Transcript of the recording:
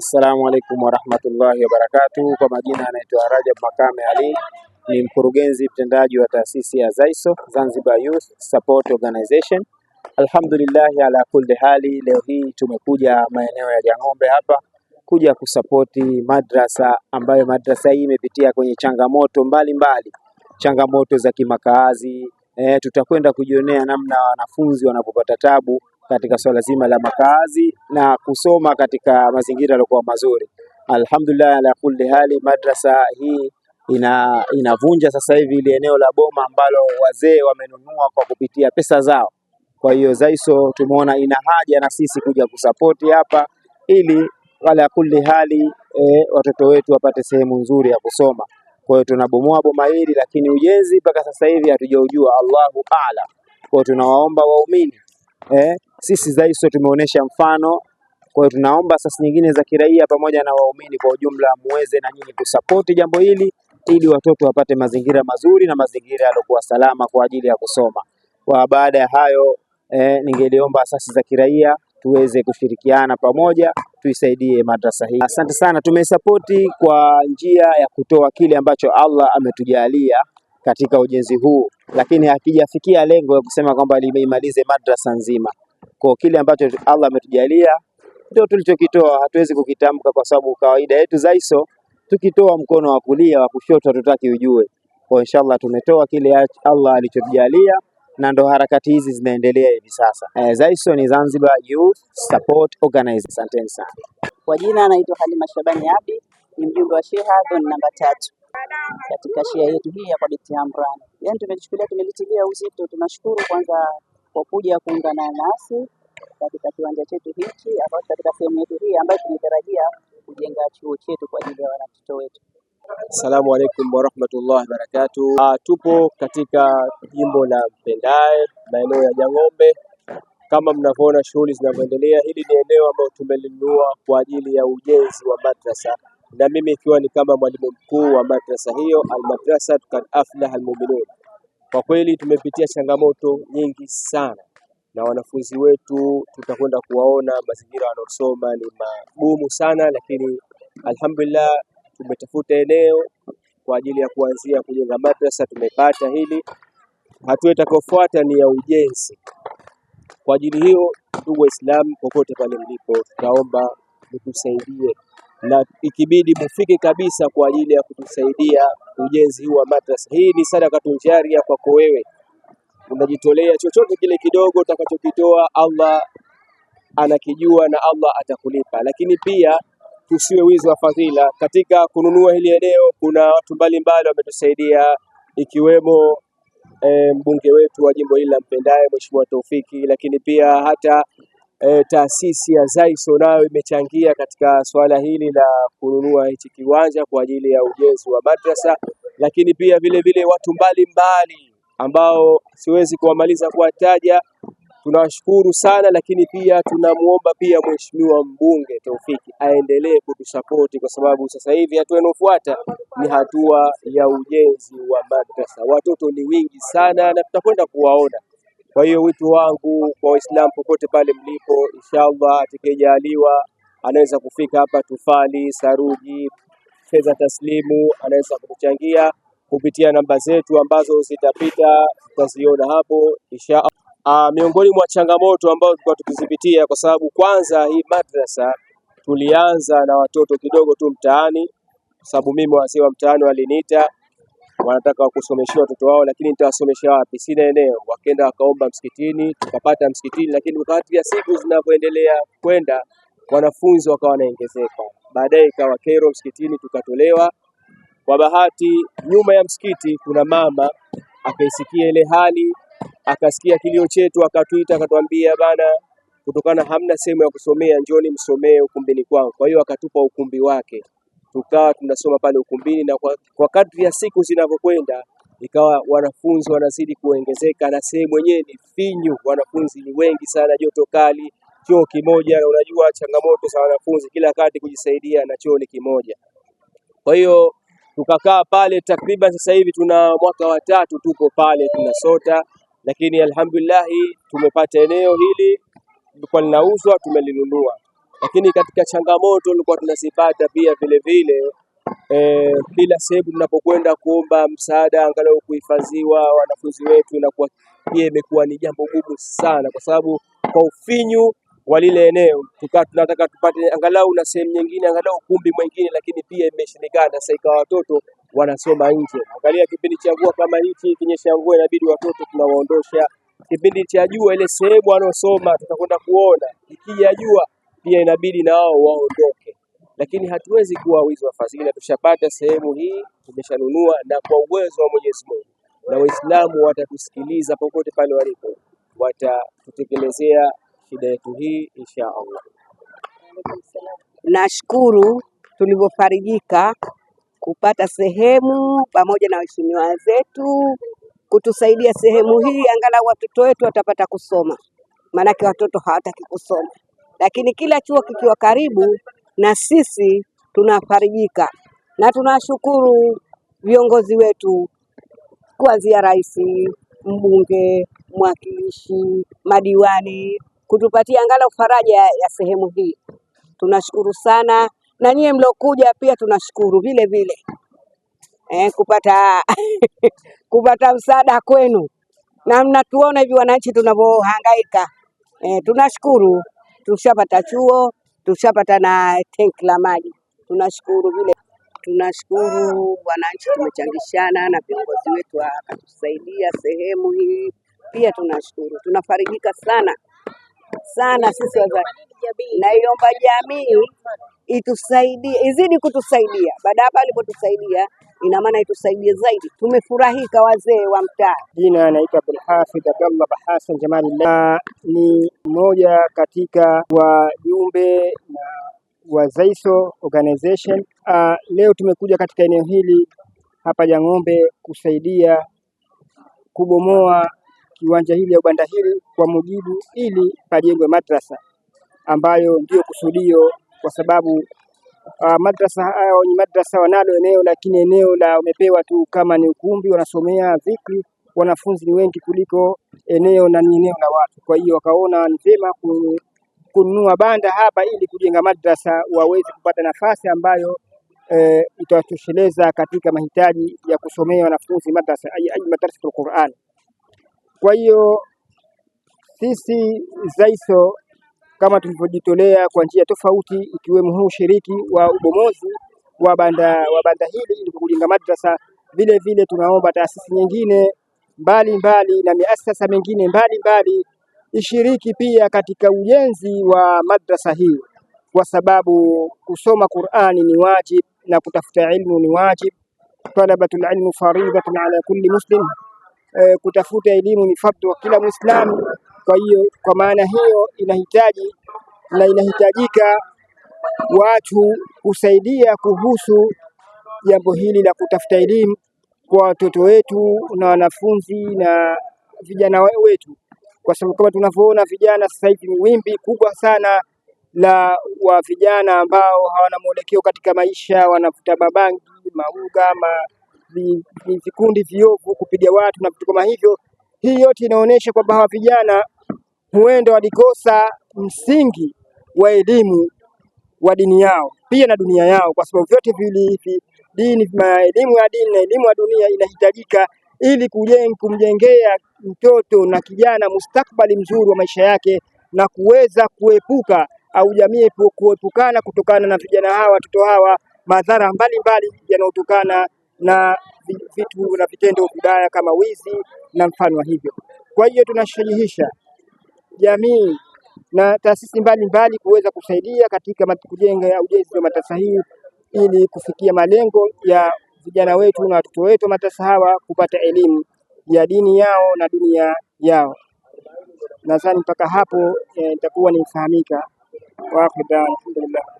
Assalamu alaikum warahmatullahi wabarakatuh. Kwa majina anaitwa Rajab Makame Ali, ni mkurugenzi mtendaji wa taasisi ya ZAISO Zanzibar Youth Support Organization. Alhamdulillahi ala kulli hali, leo hii tumekuja maeneo ya Jang'ombe hapa kuja kusapoti madrasa ambayo madrasa hii imepitia kwenye changamoto mbalimbali mbali, changamoto za kimakaazi. E, eh, tutakwenda kujionea namna wanafunzi wanapopata tabu katika swala zima la makazi na kusoma katika mazingira yaliyokuwa mazuri. Alhamdulillah, ala kulli hali, madrasa hii ina inavunja sasa hivi ile eneo la boma ambalo wazee wamenunua kwa kupitia pesa zao. Kwa hiyo Zaiso tumeona ina haja na sisi kuja kusapoti hapa, ili ala kulli hali e, watoto wetu wapate sehemu nzuri ya kusoma. Kwa hiyo tunabomoa boma hili, lakini ujenzi mpaka sasa hivi hatujaujua, Allahu aala. Kwa hiyo tunawaomba waumini eh, sisi Zayso tumeonyesha mfano, kwa hiyo tunaomba asasi nyingine za kiraia pamoja na waumini kwa ujumla muweze na nyinyi kusapoti jambo hili ili watoto wapate mazingira mazuri na mazingira yaliokuwa salama kwa ajili ya kusoma. Kwa baada ya hayo eh, ningeliomba asasi za kiraia tuweze kushirikiana pamoja tuisaidie madrasa hii. Asante sana, tumeisapoti kwa njia ya kutoa kile ambacho Allah ametujalia katika ujenzi huu, lakini hakijafikia lengo ya kusema kwamba limeimalize madrasa nzima. Kwa kile ambacho Allah ametujalia ndio tulichokitoa, hatuwezi kukitamka kwa sababu kawaida yetu zaiso, tukitoa mkono wa kulia wa kushoto hatutaki ujue. Kwa inshallah tumetoa kile Allah alichotujalia na ndo harakati hizi zinaendelea hivi sasa. E, eh, Zaiso ni Zanzibar Youth Support Organization. Asanteni sana. Kwa jina anaitwa Halima Shabani Abi, ni mjumbe wa Sheha Zone namba tatu katika Sheha yetu hii ya kwa Binti Amrani. Yaani tumechukulia, tumelitilia uzito, tunashukuru kwanza kwa kuja kuungana nasi katika kiwanja chetu hichi ambacho katika sehemu yetu hii ambayo tunatarajia kujenga chuo chetu kwa ajili ya wanatoto wetu. Assalamu wa barakatuh. Ah, Tupo katika jimbo la Mpendae maeneo ya Jang'ombe kama mnavyoona shughuli zinavyoendelea. Hili ni eneo ambalo tumelinunua kwa ajili ya ujenzi wa madrasa na mimi ikiwa ni kama mwalimu mkuu wa madrasa hiyo, almadrasatu kad aflaha almuminun kwa kweli tumepitia changamoto nyingi sana na wanafunzi wetu tutakwenda kuwaona mazingira wanaosoma ni magumu sana, lakini alhamdulillah tumetafuta eneo kwa ajili ya kuanzia kujenga madrasa, tumepata hili. Hatua itakayofuata ni ya ujenzi. Kwa ajili hiyo, ndugu Waislamu popote pale mlipo, tutaomba mtusaidie na ikibidi mufike kabisa kwa ajili ya kutusaidia ujenzi huu wa madrasa. Hii ni sadakatun ya kwako wewe, unajitolea chochote kile kidogo utakachokitoa, Allah anakijua na Allah atakulipa. Lakini pia tusiwe wizi wa fadhila katika kununua hili eneo. Kuna watu mbalimbali wametusaidia ikiwemo e, mbunge wetu wa jimbo hili la Mpendae, Mheshimiwa Taufiki, lakini pia hata e, taasisi ya Zaiso nayo imechangia katika swala hili la kununua hichi kiwanja kwa ajili ya ujenzi wa madrasa, lakini pia vile vile watu mbalimbali mbali ambao siwezi kuwamaliza kuwataja, tunawashukuru sana, lakini pia tunamwomba pia Mheshimiwa mbunge Taufiki aendelee kutusapoti kwa sababu sasa hivi hatua inayofuata ni hatua ya ujenzi wa madrasa. Watoto ni wingi sana na tutakwenda kuwaona kwa hiyo wito wangu kwa Waislamu popote pale mlipo, inshallah atakayejaliwa anaweza kufika hapa, tufali, saruji, fedha taslimu, anaweza kutuchangia kupitia namba zetu ambazo zitapita, tutaziona hapo inshallah. Ah, miongoni mwa changamoto ambazo tulikuwa tukizipitia, kwa sababu kwanza hii madrasa tulianza na watoto kidogo tu mtaani, kwa sababu mimi wazee wa mtaani waliniita wanataka wakusomeshia watoto wao, lakini nitawasomesha wapi? Sina eneo. Wakaenda wakaomba msikitini, tukapata msikitini, lakini wakati ya siku zinavyoendelea kwenda wanafunzi wakawa wanaongezeka, baadaye ikawa kero msikitini, tukatolewa. Kwa bahati, nyuma ya msikiti kuna mama akaisikia ile hali, akasikia kilio chetu, akatuita, akatuambia bana, kutokana hamna sehemu ya kusomea, njoni msomee ukumbini kwangu. Kwa hiyo akatupa ukumbi wake tukawa tunasoma pale ukumbini, na kwa, kwa kadri ya siku zinavyokwenda ikawa wanafunzi wanazidi kuongezeka, na sehemu wenyewe ni finyu, wanafunzi ni wengi sana, joto kali, choo kimoja, na unajua changamoto za wanafunzi kila kati kujisaidia, na choo ni kimoja. Kwa hiyo tukakaa pale takriban, sasa hivi tuna mwaka wa tatu tuko pale tunasota, lakini alhamdulillah tumepata eneo hili lilikuwa linauzwa, tumelinunua lakini katika changamoto tulikuwa tunazipata pia vile vile e, kila sehemu tunapokwenda kuomba msaada angalau kuhifadhiwa wanafunzi wetu, inakuwa pia imekuwa ni jambo gumu sana, kwa sababu kwa ufinyu wa lile eneo tukaa tunataka tupate angalau na sehemu nyingine angalau ukumbi mwingine, lakini pia imeshindikana. Sasa ikawa watoto wanasoma nje. Angalia kipindi cha mvua kama hichi, kinyesha mvua inabidi watoto tunawaondosha. Kipindi cha jua ile sehemu wanaosoma tutakwenda kuona, ikija jua pia inabidi na wao waondoke, lakini hatuwezi kuwa wizi wa fadhila. Tushapata sehemu hii, tumeshanunua na kwa uwezo wa Mwenyezi Mungu na Waislamu watatusikiliza popote pale walipo, watatutekelezea shida yetu hii insha Allah. Nashukuru tulivyofarijika kupata sehemu pamoja na waheshimiwa zetu kutusaidia sehemu hii, angalau watoto wetu watapata kusoma, maanake watoto hawataki kusoma lakini kila chuo kikiwa karibu na sisi tunafarijika, na tunashukuru viongozi wetu kuanzia rais, mbunge, mwakilishi, madiwani kutupatia angalau faraja ya sehemu hii. Tunashukuru sana, na nyie mliokuja pia tunashukuru vile vile eh, kupata kupata msaada kwenu, na mnatuona hivi wananchi tunavyohangaika eh, tunashukuru tushapata chuo, tushapata na tenki la maji. Tunashukuru vile, tunashukuru wananchi, tumechangishana na viongozi wetu akatusaidia sehemu hii, pia tunashukuru, tunafarijika sana sana sisi. Naiomba jamii itusaidie, izidi kutusaidia baada hapa alipotusaidia, ina maana itusaidie zaidi. Tumefurahika wazee wa mtaa. Jina anaitwa Abdulhafidh Abdallah Hassan Jamalillah, ni mmoja katika wajumbe na wa Zaiso Organization. Uh, leo tumekuja katika eneo hili hapa Jang'ombe kusaidia kubomoa kiwanja hili au banda hili kwa mujibu, ili pajengwe madrasa ambayo ndiyo kusudio kwa sababu Uh, madrasa haya ni madrasa wanalo eneo lakini eneo la wamepewa tu kama ni ukumbi, wanasomea dhikri, wanafunzi ni wengi kuliko eneo na ni eneo la watu. Kwa hiyo wakaona ni vyema kununua banda hapa ili kujenga madrasa waweze kupata nafasi ambayo e, eh, itawatosheleza katika mahitaji ya kusomea wanafunzi madrasa ai ya Qur'an. Kwa hiyo sisi Zaiso kama tulivyojitolea kwa njia tofauti, ikiwemo huu ushiriki wa ubomozi wa banda wa banda hili ili kujenga madrasa. Vile vile tunaomba taasisi nyingine mbalimbali mbali, na miasasa mingine mbalimbali ishiriki pia katika ujenzi wa madrasa hii, kwa sababu kusoma Qur'ani ni wajib na kutafuta ilmu ni wajib. Talabatul ilmu faridhatun ala kulli muslim, e, kutafuta elimu ni fardhu kila Muislamu. Kwa hiyo kwa maana hiyo inahitaji na inahitajika watu kusaidia kuhusu jambo hili la kutafuta elimu kwa watoto wetu na wanafunzi na vijana wetu, kwa sababu kama tunavyoona vijana sasa hivi ni wimbi kubwa sana la wa vijana ambao hawana mwelekeo katika maisha, wanavuta mabangi, mauga, vikundi viovu, kupiga watu na vitu kama hivyo. Hii yote inaonyesha kwamba hawa vijana huenda walikosa msingi wa elimu wa dini yao pia na dunia yao, kwa sababu vyote viwili hivi dini, elimu ya dini na elimu ya dunia inahitajika ili kumjengea mtoto na kijana mustakbali mzuri wa maisha yake na kuweza kuepuka au jamii kuepukana kutokana na vijana hawa watoto hawa madhara mbalimbali yanayotokana na vitu na vitendo vibaya kama wizi na mfano wa hivyo. Kwa hiyo tunashajihisha jamii na taasisi mbalimbali kuweza kusaidia katika kujenga ujenzi wa madrasa hii ili kufikia malengo ya vijana wetu na watoto wetu wa madrasa hawa kupata elimu ya dini yao na dunia yao. Nadhani mpaka hapo eh, nitakuwa eh, nimefahamika. Alhamdulillah.